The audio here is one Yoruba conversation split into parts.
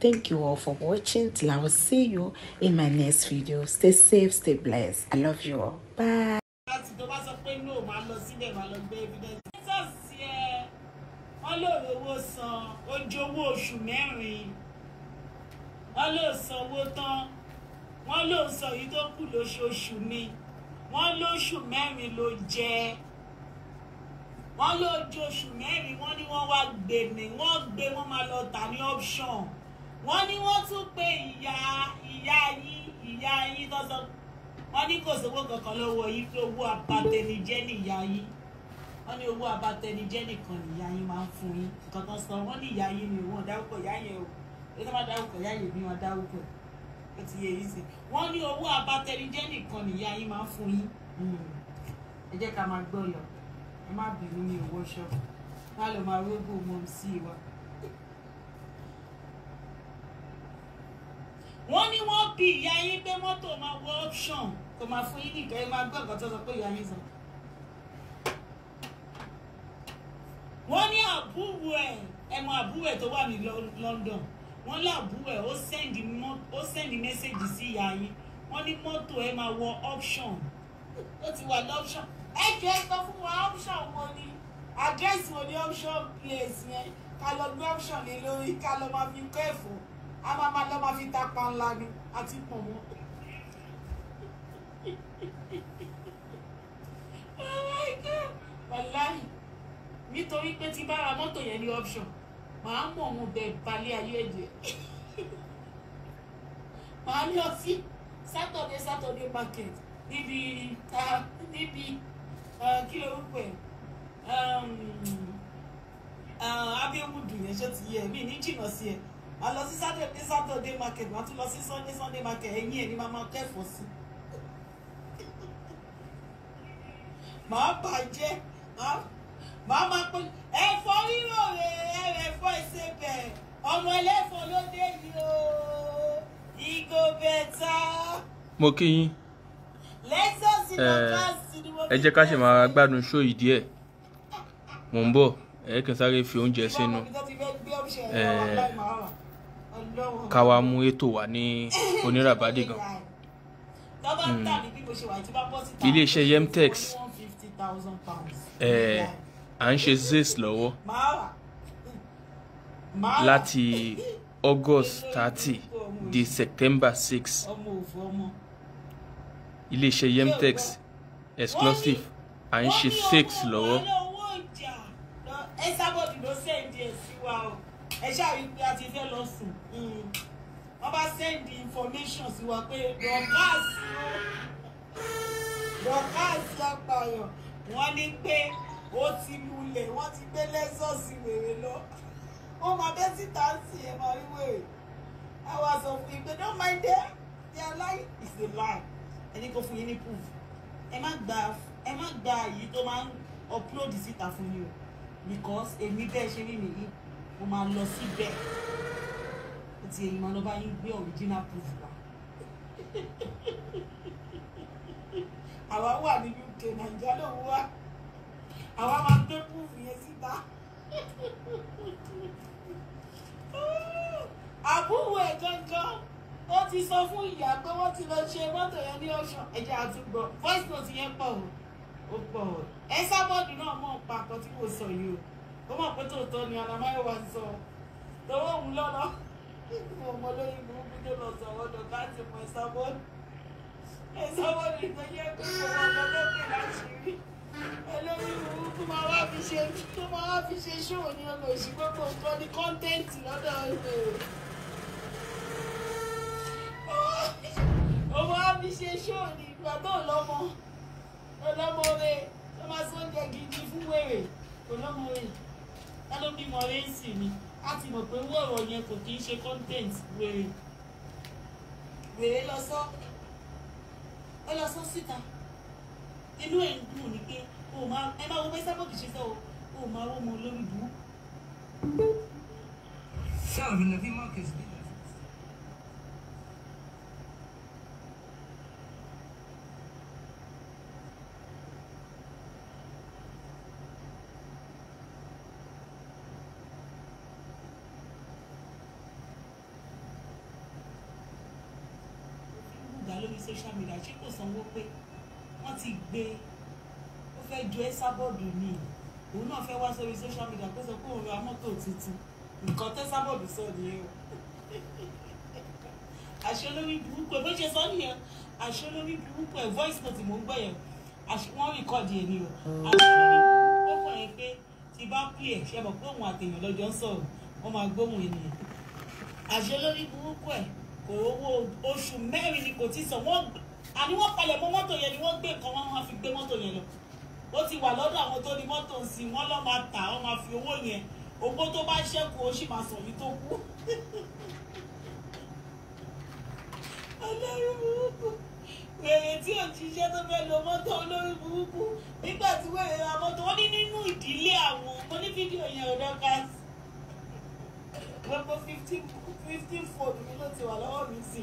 Thank you all for watching. Till I will see you in my next video. Stay safe, stay blessed. I love you all. Bye. wọ́n ló sanwó tán tó kù lóṣooṣù ni wọ́n lóṣù mẹ́rin ló jẹ wọ́n lójú mẹ́rin wọ́n ní wọ́n wá gbè wọ́n gbé wọ́n máa lọ tà ní option wọ́n ní wọ́n tún pe ìyá ìyá yín ìyá yín tó sọ wọ́n ní kò sówó kankan lọ́wọ́ yín pé owó abatẹnijẹ́ ní ìyá yín wọ́n ní owó abatẹnijẹ́ nìkan ní ìyá yín máa ń fún yín nǹkan tó sọ wọ́n ní ìyá yín ni òun ọ̀dáwùkọ ìyá yẹn o èyí tó bá dáwùkọ ìyá yẹn ni wọ́n dáwùkọ ó ti yẹ yín sí wọ́n ní owó abatẹnijẹ́ nìkan ní ìyá yín máa ń fún yín hmm. ẹ jẹ́ ká máa gbọ́ yọ ẹ má bínú ní owó ṣọ́ọ̀bù ká lọ máa rógbò mọ́ sí i wa. bí ìyá yín pé mọ́tò máa wọ option kò máa fún yín nìkan ẹ máa gbọ́ ọ̀gá tó sọ pé ìyá yín sọ. wọ́n ní àbúrò ẹ̀ ẹ̀mọ àbúrò ẹ̀ tó wà ní London wọ́n lábúrò ẹ̀ ó sẹ́ndì mẹ́sẹ̀gì sí ìyá yín wọ́n ní mọ́tò ẹ̀ máa wọ option ó ti wà lọ́pṣọ̀n ẹ jẹ́ sọ fún wa option wo ni àdírẹ́sì wo ni option place yẹn ká lọ gbé option lé lórí ká lọ máa fi kọ́ ẹ̀fọ́ a máa máa lọ máa fi tapa ńlá ni àti pọ̀nmọ́. wàláì nítorí pé tí bá ra mọ́tò yẹn ní option màá mọ̀ wọn bẹ̀ balẹ̀ ayé ẹ̀jẹ̀ màá lọ sí Saturday Saturday market níbi níbi kí ló ń pè abéwùdù yẹn ṣé ti yẹ mí ní jìnnà sí ẹ a lọ sí saturday saturday market wọ́n tún lọ sí sunday sunday market ẹ̀yìn ẹ̀ ní máa máa kẹ́fọ́ sí màá bàjẹ́ màá máa pé ẹ̀fọ́ rírò rẹ̀ ẹ̀fọ́ ìsebẹ̀ ọmọ ẹlẹ́fọ́ ló dé yìí o ìgò bẹ̀ta. mo kí yín ẹ jẹ́ ká ṣe máa gbádùn ṣó yìí díẹ̀ mò ń bọ̀ ẹ kàn sáré fi oúnjẹ sínú ká wá mú ètò wa ní oníràbádì gan. Hmm. iléeṣẹ́ yemtex à ń ṣe zes lọ́wọ́ láti august thirty di september six iléeṣẹ́ yemtex exclusive à ń ṣe six lọ́wọ́. ẹ sábọ̀ bí ló ṣe ń di ẹ̀ ẹ ṣáà rí pé a ti fẹ́ lọ sùn hmm. wọ́n bá sẹ́ndì information sí wa pé dọ̀kásì dọ̀kásì apààyàn wọ́n ní pé ó ti lulẹ̀ wọ́n ti gbé lẹ́sọ̀sì wèrè lọ ó máa bẹ́ síta sí ẹ̀ máa rí wèrè àwa sọ fún yín pé don't mind them their lie is a lie ẹni kò fún yín ní proof ẹ má gba ẹ má gba èyí tó máa ń upload síta fún yín o because èmi bẹ́ẹ̀ ṣe rí nìyí mo máa lọ síbẹ̀ ó ti èyí máa lọ bá yín gbé original proof wa àwa wà ní UK nàìjíríà ló wá àwa máa gbé proof yẹn síta àbúrò ẹ̀ gangan ó ti sọ fún ìyá pé wọ́n ti lọ ṣe mọ́tò yẹn ní ọ̀ṣun ẹ̀jẹ̀ àtúgbọ̀ voice note yẹn pọ̀ ó pọ̀ ẹ̀ sábọ́ọ̀dù náà mọ̀ pa àkọ́tí kò sọ yìí o ó mọ̀ pé tòótọ́ ni anamáyọ̀wá sọ tọwọ́ òun lọ́nà ọmọ lóyún burúkú tó lọ sọ̀rọ̀ ọ̀dọ̀ káàtì mọ̀ ẹ̀sàbọ́n ẹ̀sàbọ́n ìgbẹ́yẹ pé ìwọ̀n ọ̀dọ́ lókè láṣìírí olóyún burúkú máa wá fi ṣe tó máa wá fi ṣe ṣóò ní ọmọ òṣì gbogbo nǹkan ní kọ́ńtẹ́ǹtì lọ́dọ̀ ọ̀dọ̀ ọmọ wá fi ṣe ṣóò ní ìgbà tó lọ́mọ ọlọ́mọ rẹ̀ ló máa sọ oúnjẹ gidi fún wèrè ọlọ́mọ rẹ̀ ká ló bímọ rẹ́ǹsì ni a ti mọ̀ pé wọ́ọ̀rọ̀ yẹn kò kí ń ṣe content wèrè wèrè lọ sọ ó lọ sọ síta inú ẹ̀ ń dùn ní pé o máa ẹ máa wo mẹ́sàbọ̀ kì í ṣe sọ o o máa wọ́n mọ lórí burúkú. sáà mi fi mọ́ kejì dé. lórí social media ṣé kò sanwó pé wọ́n ti gbé ó fẹ́ ju ẹ́sàbọ̀dù ni òun náà fẹ́ wá sórí social media kó sọ pé òun ra mọ́tò tuntun nǹkan tẹ́sàbọ̀dù sọ nìyẹn o àṣẹ olórí burúkú ẹ bó ṣe sọ nìyẹn àṣẹ olórí burúkú ẹ voice note mò ń gbọ́ yẹn wọ́n rìkọ́dì ẹ̀ ni o àṣẹ olórí burúkú ọkọ̀ yẹn pé tí bá pè ẹ̀ ṣe mọ̀ pé òun àtẹ̀yàn lọ́jọ́ ń sọ̀rọ̀ wọ́n máa gbóhùn ènìyàn àṣẹ olórí burúkú ẹ̀ kò owó oṣù mẹ́rin ni kò ti san wọ́n àní wọ́n palẹ̀ mọ́ mọ́tò yẹn ni wọ́n gbé nǹkan wọn máa fi gbé mọ́tò yẹn lọ ó ti wà lọ́dọ̀ àwọn tó ní mọ́tò ń sin wọ́n lọ́ọ́ máa tà wọ́n máa fi owó yẹn owó tó bá ṣẹ́kù ó sì máa sàn yìí tó kú. olórí burúkú wèrè tí ò jíṣẹ́ tó fẹ́ lo mọ́tò olórí burúkú nígbà tí wèrè ra mọ́tò ó ní nínú ìdílé àwọn ó ní fídíò yẹn ò dọ́ka sí wọ́n pé fifteen fifteen phone mi ló ti wà lọ́wọ́ mi sí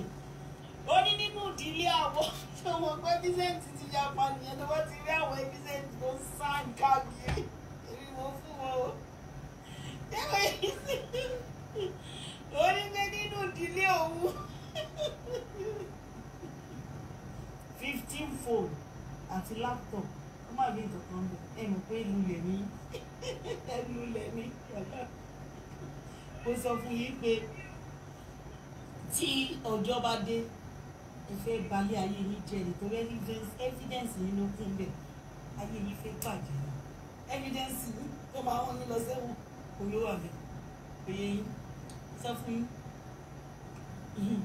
ó ní nínú ìdílé àwọn ṣé wọn pé Vincent ti ya pa nìyẹn tó bá ti rí àwọn Vincent tó ń sá nǹkan bíi èmi wọ́n fún wọn o ẹ̀rọ yìí sí ó ní pé nínú ìdílé òun fifteen phone àti laptop ó má bí nǹkan kan bẹ̀ ẹ̀ mọ̀ pé ìlú lèmi ó sọ fún yín pé tí ọjọ́ bá dé ẹ fẹ́ balẹ̀ ayé yín jẹ́ nítorí evidence yín ló kún bẹ̀ ayé yín fẹ́ bàjẹ́ evidence yín tó máa wọ́n yín lọ sẹ́wọ̀n kò ló wà bẹ̀ òye yín sọ fún yín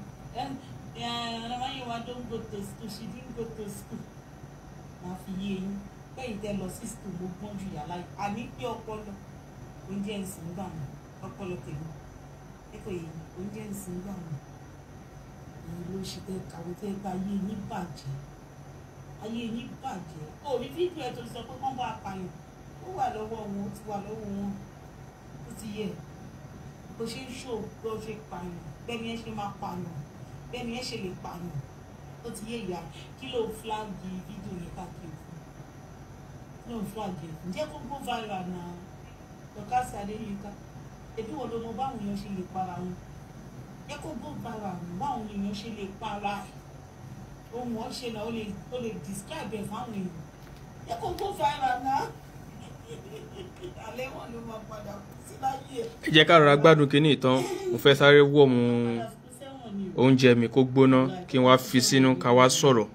ọlọ́mọyé wa don go to school she didn't go to school máa fi yé yín pé ìtẹ́ lọ sí school mo gbọ́n ju yàrá yìí àní pé ọpọlọ oúnjẹ ìsìn gbà náà ọpọlọ tèmi ẹ̀kọ́ yìí oúnjẹ ń sin gbà mí èyí ló ṣe tẹ kàwé tẹ gba ayé yín bàjẹ́ ayé yín bàjẹ́ òní fídíò ẹ̀ tó sọ pé wọ́n bá apààyàn ó wà lọ́wọ́ wọn ó ti wà lọ́wọ́ wọn ó ti yẹ bó ṣe ń ṣò bó ṣe pààyàn bẹ́ẹ̀ ni ẹ ṣe máa pààyàn bẹ́ẹ̀ ni ẹ ṣe lè pààyàn ó ti yé ìyá kí ló fúláàgì fídíò yẹn káàkiri fún kí ló fúláàgì ẹ̀ ǹjẹ́ kó gbó viral náà lọ́kàsí adéyínká èbí wo ló mọ báwọn èèyàn ṣe lè para wọn ẹ bó para wọn báwọn èèyàn ṣe lè para ohun ọṣẹ náà ó lè ó lè describe ẹ fáwọn èèyàn ẹ bó para náà alẹ́ wọn ló máa padà sí láyé ẹ. ẹ jẹ́ ká rọra gbádùn kínní ìtàn mo fẹ́ sáré wọ̀ mu oúnjẹ mi kó gbóná kí n wá fi sínú ká wá sọ̀rọ̀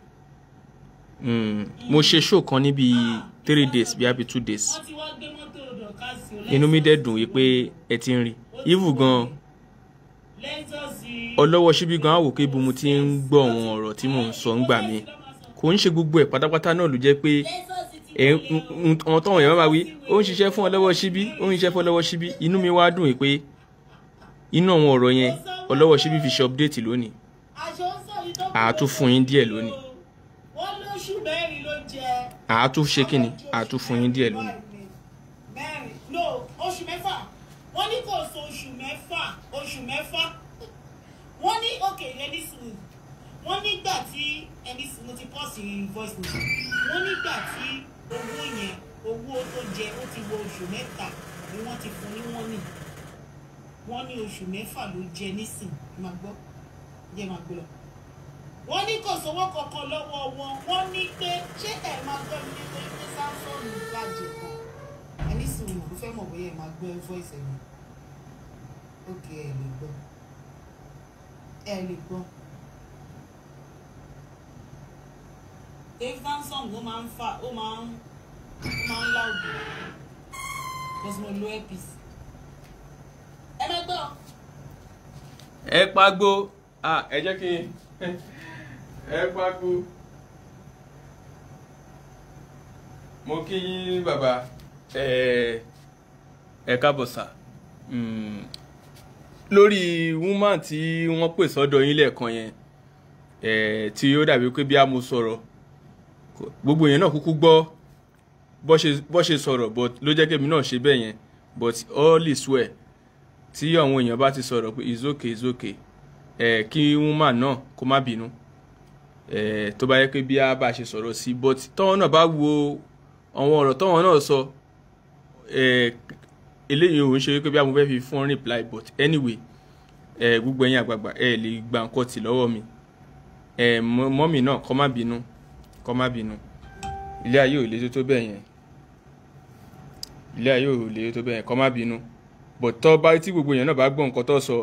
hmm, mo ṣe show kan níbi three days bí i abi two days. wọ́n ti wá gbé mọ́tò inú mi dẹ̀ dùn yìí pé ẹ ti ń rí ivu gan ọlọ́wọ́ síbí gan àwòké bí mo ti ń gbọ́ àwọn ọ̀rọ̀ tí mò ń sọ ń gbà mí kò ń ṣe gbogbo ẹ̀ pátápátá náà ló jẹ́ pé ọ̀n tọ̀hún yẹn máa wí ó ń ṣiṣẹ́ fún ọlọ́wọ́ síbí ó ń ṣiṣẹ́ fún ọlọ́wọ́ síbí inú mi wá dùn yìí pé inú àwọn ọ̀rọ̀ yẹn ọlọ́wọ́ síbí fi ṣe update lónìí àátún fún yín díẹ̀ lónìí àátún ṣe kíni àátún fún yín díẹ̀ lónìí. ti pọ́ọ̀sì invoice mi wọ́n nígbà tí owó yẹn owó tó jẹ ó ti wọ oṣù mẹ́ta ni wọ́n ti fún ní wọ́n nì wọ́n ní oṣù mẹ́fà ló jẹ nísìn máa gbọ́ jẹ́ máa gbọ́ lọ. wọ́n ní kò sówó kankan lọ́wọ́ wọn wọ́n ní pé ṣé ẹ̀ máa gbọ́ mi nítorí pé sáńsọ̀nù bàjẹ́ kan ẹni sùn mi kò fẹ́ mọ̀ bóyá ẹ̀ máa gbọ́ voice ẹ̀ mi. ó lè gbọ́ ẹ̀ lè gbọ́. Dave Van song ó máa ń fà ó máa ń ó máa ń láòdù because mo lo earpiece. ẹ má gbọ́. ẹ pagbo ẹ jẹ́ kí ẹ pagbo mo kí yín bàbá ẹ káàbọ̀ sà hmm. lórí woman tí wọ́n pè sọ́dọ̀ yín lẹ́ẹ̀kan yẹn tí ó dàbí pé bí a mo sọ̀rọ̀ gbogbo èèyàn náà kúkú gbọ́ bó ṣe sọ̀rọ̀ but ló jẹ́ kémi náà ṣe bẹ́ẹ̀ yẹn but all is well tí àwọn èèyàn bá ti sọ̀rọ̀ pé is okay is okay ẹ̀ kí woman náà kó má bínú ẹ̀ tó bá yẹ pé bí a bá ṣe sọ̀rọ̀ sí but tọ́wọ́n náà bá wo àwọn ọ̀rọ̀ tọ́wọ́n náà sọ ẹ̀ eléyìí òun ṣe wípé bí a mo fẹ́ fi fún reply but anyway ẹ̀ gbogbo ẹ̀yin àgbààgbà ẹ̀ lè gba nǹkan tì lọ́wọ́ mi ẹ̀ mọ́mì náà kó má bínú kọ́ má bínú ilé ayé ò lè tó tó bẹ́ẹ̀ yẹn ilé ayé ò lè tó bẹ́ẹ̀ yẹn kọ́ má bínú bọ̀ tọ́ bá tí gbogbo yẹn náà bá gbọ́ nǹkan tó sọ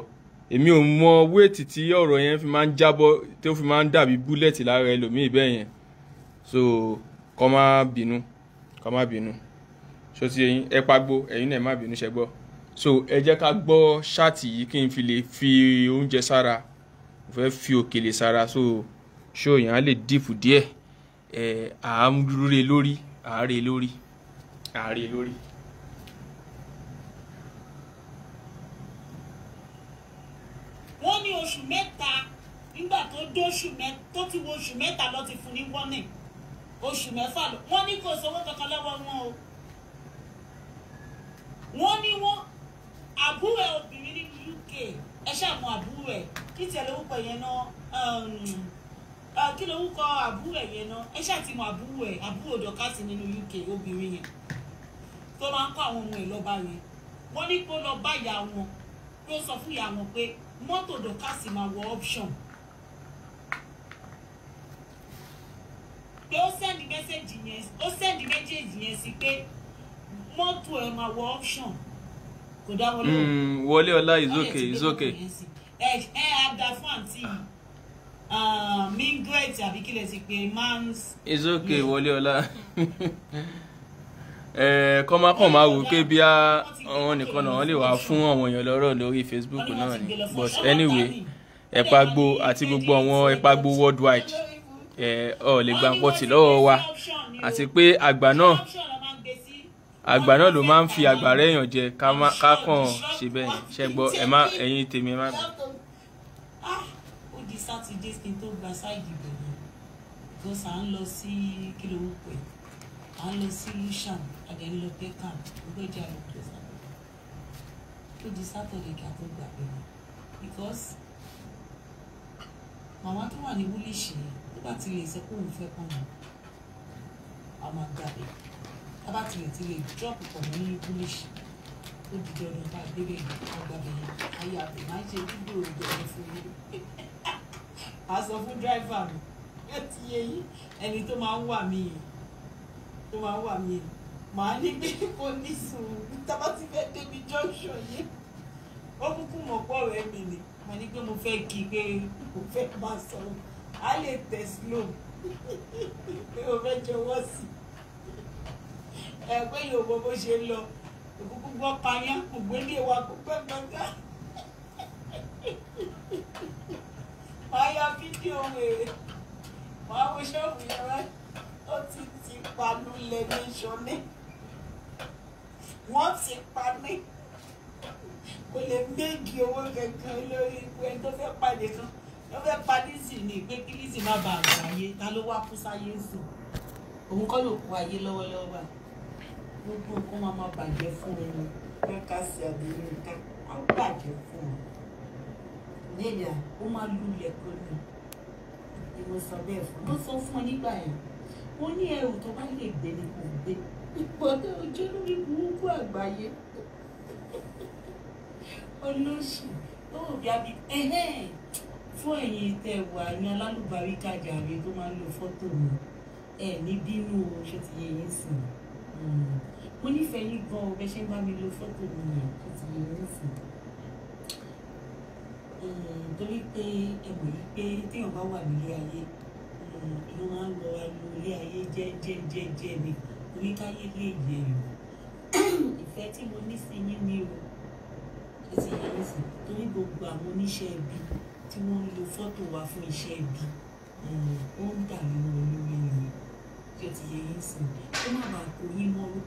èmi ò mọ wéètì tí ọ̀rọ̀ yẹn fi máa ń jábọ́ tó fi máa ń dàbí búlẹ̀tì lára ẹlòmíì bẹ́ẹ̀ yẹn so kọ́ má bínú kọ́ má bínú so ti ẹ̀yin ẹ pagbo ẹ̀yin náà má bínú ṣẹ gbọ́ so ẹ jẹ́ ká gbọ́ ṣáàtì yìí kí n fi lè fi oúnjẹ sára mo fẹ́ fi òkèlè sára so ṣó yẹn á lè dìpù díẹ̀ à ń dúró lé lórí àárẹ̀ lórí àárẹ̀ lórí. wọ́n ní oṣù mẹ́ta nígbà tó dóṣù mẹ́ta tó ti wo oṣù mẹ́ta lọ ti fún ní wọ́nì oṣù mẹ́fà lọ wọ́n ní kò sówó kankan lọ́wọ́ wọn o wọ́n ní wọ́n àbúrò obìnrin ní UK ẹ ṣàmù àbúrò ẹ̀ kí tiẹ̀ lórúkọ yẹn náà. Ah, kí ló wúkọ àbúrò ẹ̀ yẹn náà ẹ ṣàtìmọ̀ àbúrò ẹ̀ àbúrò dọ̀kásì nínú UK obìnrin yẹn tó máa ń kọ́ àwọn ọmọ ẹ̀ lọ́ba yẹn wọ́n ní kó lọ bá ìyá wọn ló sọ fún ìyá wọn pé mọ́tò dọ̀kásì máa wọ option pé ó sẹ́ndì mẹ́sẹ̀jì yẹn ó sẹ́ndì méjèèjì yẹn sí pé mọ́tò ẹ̀ máa wọ option kò dá wọlé hmm, wọlé ọlá is okay ẹ ẹ àgbà fún àǹtí yìí mingret um, àbí kí lè ti pè mans. it's okay wọlé ọlá eh, kọ́ máa kàn máa wò pé bí àwọn nìkan náà wọ́n lè wá fún àwọn èèyàn lọ́rọ̀ lórí Facebook náà ni but anyway ẹ̀pàgbò àti gbogbo àwọn ẹ̀pàgbò worldwide eh, ọ̀ lè gba pọ́tì lọ́wọ́ wa àti pé àgbà náà àgbà náà ló máa ń fi àgbà rẹ̀ èèyàn jẹ ká kàn ṣe bẹ́ẹ̀ ṣẹ́gbọ́ ẹ̀yin tèmi ẹ má bẹ̀rẹ̀ sátidé kí n tó gba sáìdì ìbẹ̀rẹ̀ because à ń lọ sí kí ló ń pè à ń lọ sí lucian àdé ń lọ peckham ogójì àlùkò sátidé ó di sátidé kí a tó gbà bẹ̀rẹ̀ because màmá tó wà ní wúlíṣì tó bá lè sọ pé òun fẹ́ pọ̀ mọ́ a máa gbà bẹ́ẹ̀ tá bá ti lè drop pọ̀ mọ́ ní wúlíṣì ó di dandan bá débẹ̀ àgbàbẹ̀yẹ ayé àbẹ̀ máa ń ṣe dúdú òògùn ẹ̀fọ́ yìí. màá sọ fún dráìvà mi ẹ ti yé yín ẹni tó máa ń wà mí yẹn tó máa ń wà mí yẹn màá ní pé kò ní fẹ́ débi junction yìí ó kúkú mọ̀ pọ̀ rẹ̀ mi ni mo ní pé mo fẹ́ kí i pé mo fẹ́ máa sọ̀rọ̀ á lè tẹ̀ slow pé mo fẹ́ jọwọ́ sí ẹ pé yòówó bó ṣe lọ òkúkú gbọ́ payán ògbélé wa kó pẹ́ gbọ́dá. Maya kí o wèrè wàá wo ṣọ́ọ̀bù yàrá ó ti ti panú lẹ́nu ìṣọ́lé wọ́n ti pa mí kò lè méjì owó kankan lórí ìpè tó fẹ́ pàdé kan tó fẹ́ pa Lizzy ní pé kí Lizzy má bàa gbà yé ta ló wá kú sáyé sí òun kọ́ ló kú ayé lọ́wọ́lọ́wọ́ báyìí gbogbo nǹkan máa ma bàjẹ́ fún mi ni kẹ́kà sí àbúrò nǹkan á bàjẹ́ fún mi nígbà ó máa lulẹ̀ pẹ̀lú ni mo sọ bẹ́ẹ̀ fún mo sọ fún ọ nígbà yẹn mo ní ẹrù tó bá lè gbé ni kò gbé ìpọ́nlé ojú lórí burúkú àgbáyé olóṣù lóò bí abi fún ẹ̀yin tẹ̀ wà ní alálùbárí kájà rẹ tó máa ń lo fọ́tò mi ẹ̀ ní bínú o ṣe ti yẹ yín sìn hmm. mo nífẹ̀ẹ́ yín gan o bẹ́ ṣe ń bá mi lo fọ́tò mi ṣe ti yẹ yín sìn torí pé ẹ̀wọ̀ yìí pé téèyàn bá wà nílé ayé èèyàn máa ń lọ alo ilé ayé jẹ́jẹ́jẹ́jẹ́ ni oníkáyé lè yẹ yọ ìfẹ́ tí mo ní sí yín ni o èsì yẹn ní sí torí gbogbo àwọn oníṣẹ́ ibi tí wọ́n ń lo fọ́tò wa fún iṣẹ́ ibi wọ́n ń dà nínú olórí ni tí o ti yẹ yín sí kó má bàa kó yín mọ́rú.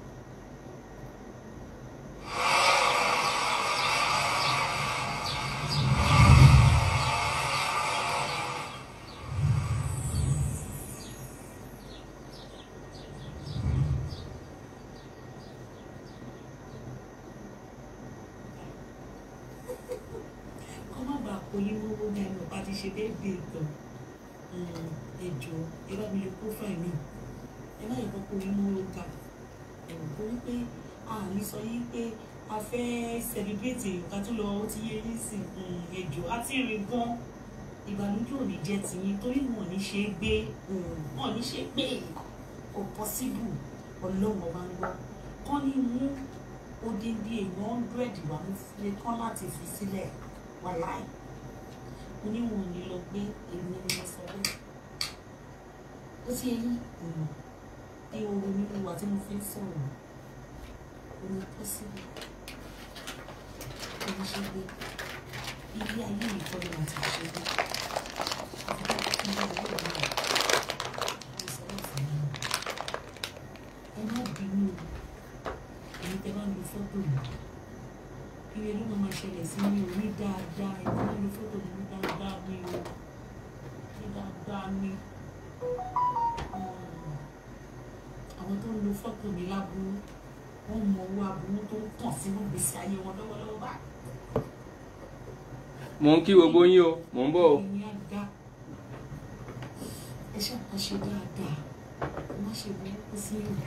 tọ̀ ẹjọ́ ẹ bá mi lè kó fáìn mi ẹ má yẹ kó kó inú ọ̀ka ẹ̀wọ̀n kó wípé àní sọ yín pé a fẹ́ sẹlẹ̀bírẹ̀tì ká tó lọ ó ti yé yín sí ẹjọ́ àti ìrìn gan ìbànújẹ́ ò ní jẹ́ tìyín torí wọn ò ní ṣe é gbé wọn ò ní ṣe é gbé kò pọ́síbù ọlọ́wọ́ máa ń gbọ́ kọ́ ní mú odindi èèyàn hundred wà ní kọ́ láti fi sílẹ̀ wà láì mo ní lọ pé èmi ni mo sọ pé ó ti yẹ yín ọ̀nà mm. bí oru nínú wa tí mo fi ń sọ̀rọ̀ omi tó síbi omi ṣe gbé ilé ayé mi kọ́ ni wọ́n ti ṣe gbé àfikún kí ní ayé mi rẹ̀ mo sọ wọ́n fún mi máa ṣẹlẹ̀ sí mi ò ní dáadáa ẹ má fọ́tò mi dáadáa ni o ṣe ni hmm. àwọn tó ń lo fọ́tò mi láburú wọ́n mọ owó aburú tó ń tàn sínú gbèsè ayé wọn lọ́wọ́lọ́wọ́ báyìí. mò ń kí gbogbo yín o mò ń bọ̀ o. ẹ ṣàkóso ṣe dáadáa má ṣe burúkú sí èrè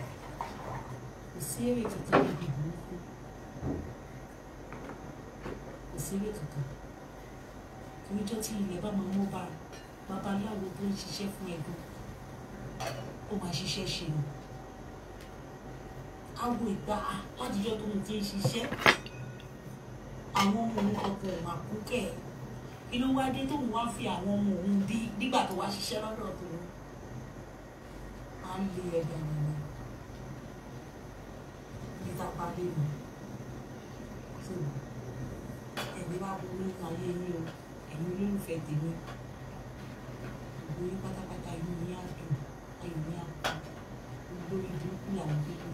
kò sí èrè kankan níbi burúkú kò sí èrè kankan níjọ́ tí ilẹ̀ bá máa mọ́ bá babaláwo tó ń ṣiṣẹ́ fún ẹ̀gbọ́n ó máa ṣiṣẹ́ ṣe o aago ìgbà látijọ́ tó ń ti ń ṣiṣẹ́ àwọn ọmọ òun ọkọ̀ òun àkókẹ́ inú wá dé tóun wá fi àwọn ọmọ òun bí nígbà tó wá ṣiṣẹ́ lọ́dọ̀ tòun máa ń lo ẹ̀dà nìyẹn ní tápá lé mi ẹ̀mí bá burú ní ayé yín o nífẹ̀ẹ́ tèmi gbogbo yín pátápátá inú yín á dùn ẹ̀yìn yín á kú lórí burúkú làwọn pípọ̀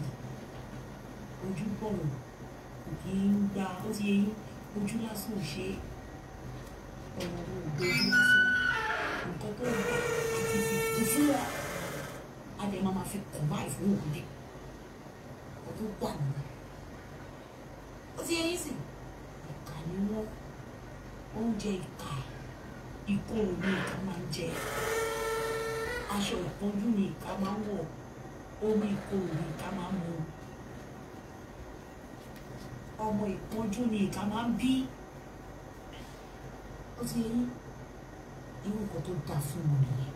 ojú bọ̀rọ̀ kò kí ń gba ó ti yẹ yín ojú lásán ò ṣe ọ̀rọ̀ òògùn ojú lásán nǹkan tó ń bá àti fi kú fún adé máa ma fi kọ̀ báyìí fún òògùn ọdún pọ̀ nìyẹn ó ti yẹ yín sì ìkà ni wọ́n oúnjẹ ìkà òun ni ìka máa ń jẹ aṣọ ìpọ́njú ni ìka máa ń wọ̀ omi ìkorò ni ìka máa ń mu ọmọ ìpọ́njú ni ìka máa ń bí ó ti rí irú nǹkan tó dáa fún wọn nìyẹn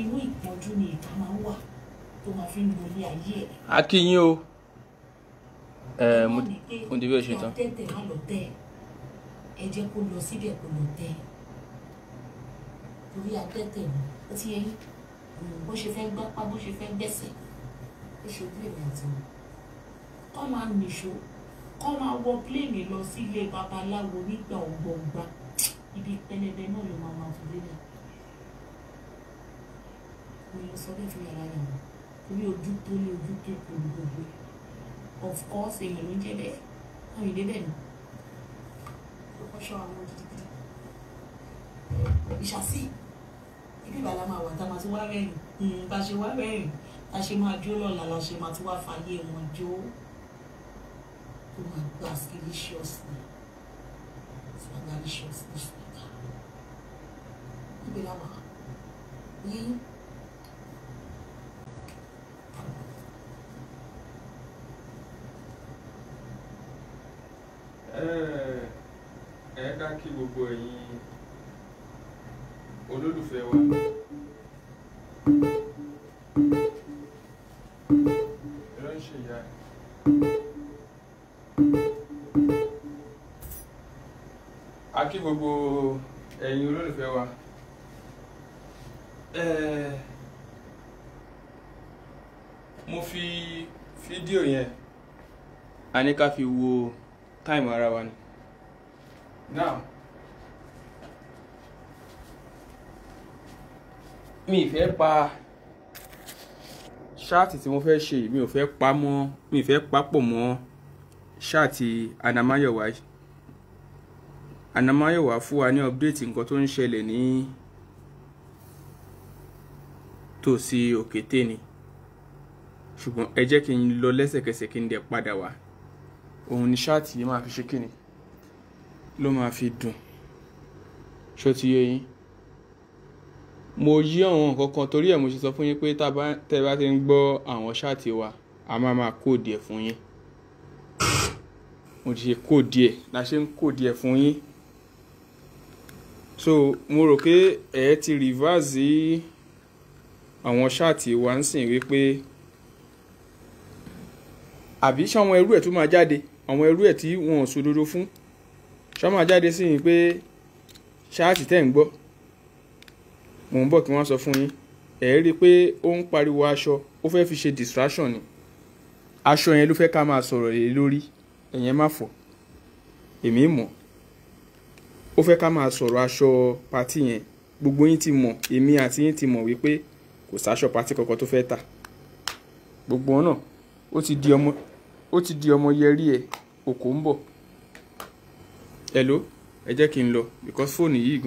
irú ìpọ́njú ni ìka máa ń wà tó máa fi ń lo ilé ayé ẹ̀. a o mo ti bí o ṣe tán. ẹ jẹ́ kó lọ síbẹ̀ kó lọ tẹ́ orí atẹ́tẹ̀ mi ó ti yẹ yín hmm, bó ṣe fẹ́ gbápá bó ṣe fẹ́ gbẹ̀sẹ̀ ó ṣe bí èmi àti wọn kọ́ máa nìṣó kọ́ máa wọ pléènì lọ sí ilé babaláwo nígbà ọgbọọgba ibi pẹlẹbẹ náà ló máa máa fòlé náà mo lọ sọ bẹ́ẹ̀ fún yàrá yàrá orí ojú tó ní ojú tó kù gbogbo of course èèyàn ló ń jẹ́ bẹ́ẹ̀ àwọn ìdè bẹ́ẹ̀ ni ó ìṣàsí ibi ìbàlá máa wà tá a máa ti wá rẹ́rìn bá hmm, a ṣe wá rẹ́rìn la ṣe máa jó lọ́la la ṣe máa ti wá fàyè wọn jó ó máa gbà skilliciously skilliciously ṣùgbọ́n ibi ìbàlá máa yí. ẹ ẹ dá kí gbogbo ẹ̀yin olólùfẹ́ wa. ránṣẹ́ ìyá ẹ̀. a kí gbogbo ẹ̀yin olólùfẹ́ wa. mo fi fídíò yẹn a ní ká fi wo táìmù ara wa ni. now mi ì fẹ́ pa ṣáàtì tí mo fẹ́ ṣe mi ò fẹ́ pa mọ́ mi ì fẹ́ papọ̀ mọ́ ṣáàtì Anamáyọ̀wá Anamáyọ̀wá fún wa ní update nǹkan tó ń ṣẹlẹ̀ ní tòsí òkété ni ṣùgbọ́n ẹ jẹ́ kí n lọ lẹ́sẹ̀kẹsẹ̀ kí n dẹ̀ padà wá òun ni ṣáàtì yìí máa fi ṣe kíni ló máa fi dùn ṣó ti yé yín mo yí àwọn nǹkan kan torí ẹ̀ mo ṣe sọ fún yín pé tẹ́ bá ti ń gbọ́ àwọn ṣáàtì wa a máa máa kóòdì ẹ̀ fún yín mo ti ṣe kóòdì ẹ̀ la ṣe ń kóòdì ẹ̀ fún yín so mo rò pé ẹ ti rìvásì àwọn ṣáàtì wa ń sìn wípé àbí ṣé àwọn ẹrú ẹ̀ tún máa jáde àwọn ẹrú ẹ̀ tí wọn ò sòdodo fún ṣé wọ́n máa jáde sí yín pé ṣáàtì tẹ̀ ń gbọ́ mò ń bọ̀ kí wọ́n sọ fún yín ẹ̀ rí i pé ó ń pariwo aṣọ ó fẹ́ fi ṣe distraction ni aṣọ yẹn ló fẹ́ ká máa sọ̀rọ̀ lé lórí ẹ̀yẹn má fọ̀ èmi mọ̀ ó fẹ́ ká máa sọ̀rọ̀ aṣọ pàtí yẹn gbogbo yín ti mọ̀ èmi àti yín ti mọ̀ wípé kò sáṣọ pàtí kankan tó fẹ́ tà gbogbo wọn náà ó ti di ọmọ yẹrí ẹ òkò ń bọ̀ hello ẹ jẹ́ kí n lọ because fóònù yìí gan.